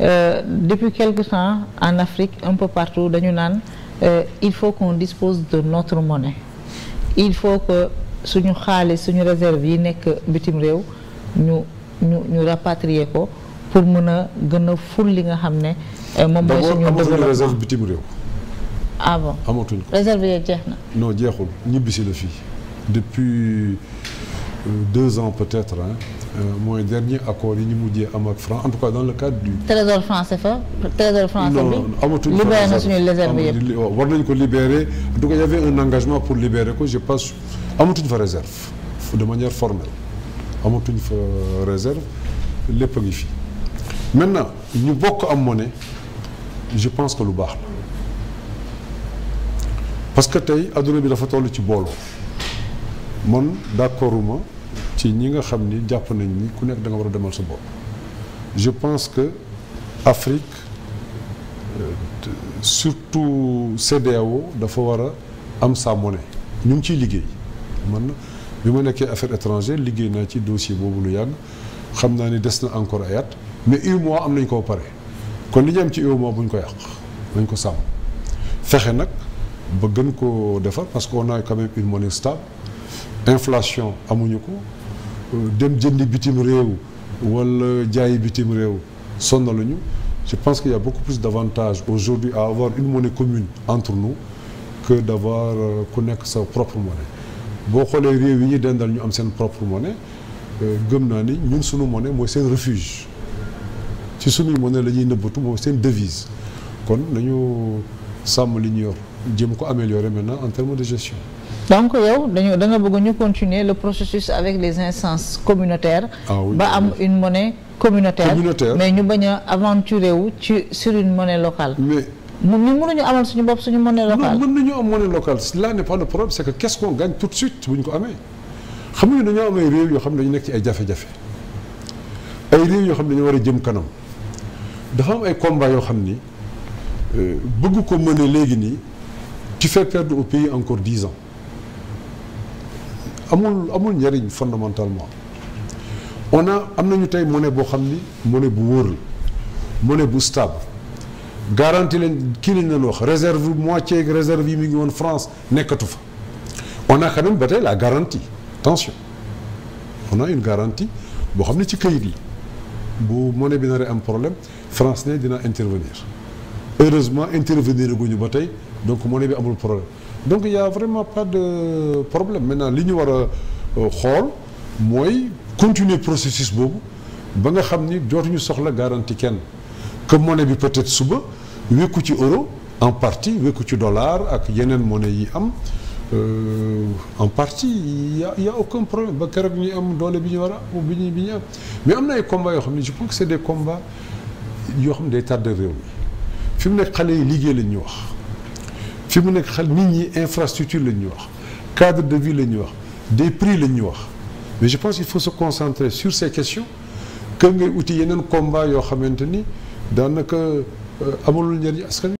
euh, depuis quelque temps en Afrique un peu partout dañu naan euh, il faut qu'on dispose de notre monnaie il faut que suñu xaalis suñu réserve yi nekk bitim réew ñu ñu ñu rapatrier ko pour mën a gën a ful li nga xam ne euh, moom mooy suñu amatuñu réserve bitim réew ah bon amatuñ ko réserve yeeg jeex na non jeexul ñibbisi la fii depuis deux ans peut-être hein euh, mooy dernier accord yi ñu mujjee am ak France en tout cas dans le cadre du. trésor français fa trésor français bi. Oh, war nañ ko libérer en tout pour libérer ko je pense amatuñ fa réserve de manière formelle amatuñ fa réserve lépp a ngi fi maintenant ñu bokk am monnaie je pense que lu baax la parce que tey adduna bi dafa toll ci booloo man d'accorduma ci ñi nga xam ni jàpp nañ ni ku nekk da nga war a demal sa bopp je pense que Afrique euh, surtout CEDEAO dafa war a am sa ñu ngi ciy liggéey mën na bi ma nekkee affaire étrangère liggéey naa ci dossier boobu lu yàgg xam naa ni des na encore ay mais mais mois am nañ ko pare kon li ñu ci UEMOA bu buñ ko yàq nañ ko sàmm fexe nag ba gën koo defar parce que on a quand même une monnaie stable inflation amuñu ko dem jëndi bitim réew wala jaayi bitim réew sonnaluñu je pense qu'il y a beaucoup plus d'avantages aujourd'hui à avoir une monnaie commune entre nous que d'avoir euh, ku nekk sa propre monnaie boo xoolee réew yi ñu dendal ñu am seen propre monnaie euh, gëm naa ni ñun suñu monnaie mooy seen refuge ci suñuy monnaie la ñuy nëbbatu mooy seen devise kon nañu sàmm li ñu yor jëm ko améliorer maintenant en termes de gestion. donc yow bëgg ñu continuer le processus avec les instances communautaires. Ah ba am oui. une monnaie communautaire. communautaire mais ñu bañ a aventurer wu ci sur une monnaie locale. mais ñun ñun mënuñu amal suñu bopp suñu monnaie locale. non mën nañu am monnaie locale là n'est pas le problème c'est que qu'est-ce qu'on gagne tout de suite bu ko amee xam nga dañoo am ay réew yoo xam ne dañu nekk ci ay jafe-jafe ay réew yoo xam ne dañu war a jëm kanam dafa am ay combats yoo xam ni. Euh, bëgg ko mën léegi nii tu fais perdre au pays encore dix ans amul amul njariñ fondamentalement on a am nañu tey mone boo xam ni mone bu wóor la monnaie bu stable garanti leen kii lañ leen wax réserve moitié réserve yi mu ngi woon France nekkatu fa on a quand même ba tey la garantie attention on une garantie boo xam ne ci kayit la bu monnaie bi naree am problème France ne dina intervenir heureusement intervenir guñu ba tey donc monnaie bi amul problème donc y a vraiment pas de problème maintenant li ñu war a euh, xool mooy continuer processus boobu ba nga xam ni dootuñu soxla garantie kenn que monnaie bi peut-être suba wékku ci euro en partie wékku ci dollar ak yeneen monnaie yi am Euh, en partie y a y a aucun problème ba keroog ñu am doole bi ñu war a bi ñu am mais am na ay combats yoo xam ne je pense que c'est des combats yoo xam ne day tardé réew mi fi mu nekk xale yi liggéey la ñuy wax fi mu nekk xale nit ñi infrastructure la ñuy wax cadre de vie la ñuy wax des prix la ñuy wax mais je pense qu'il faut se concentrer sur ces questions que ngay uti yeneen combat yoo xamante ni daanaka nag euh, njëriñ askan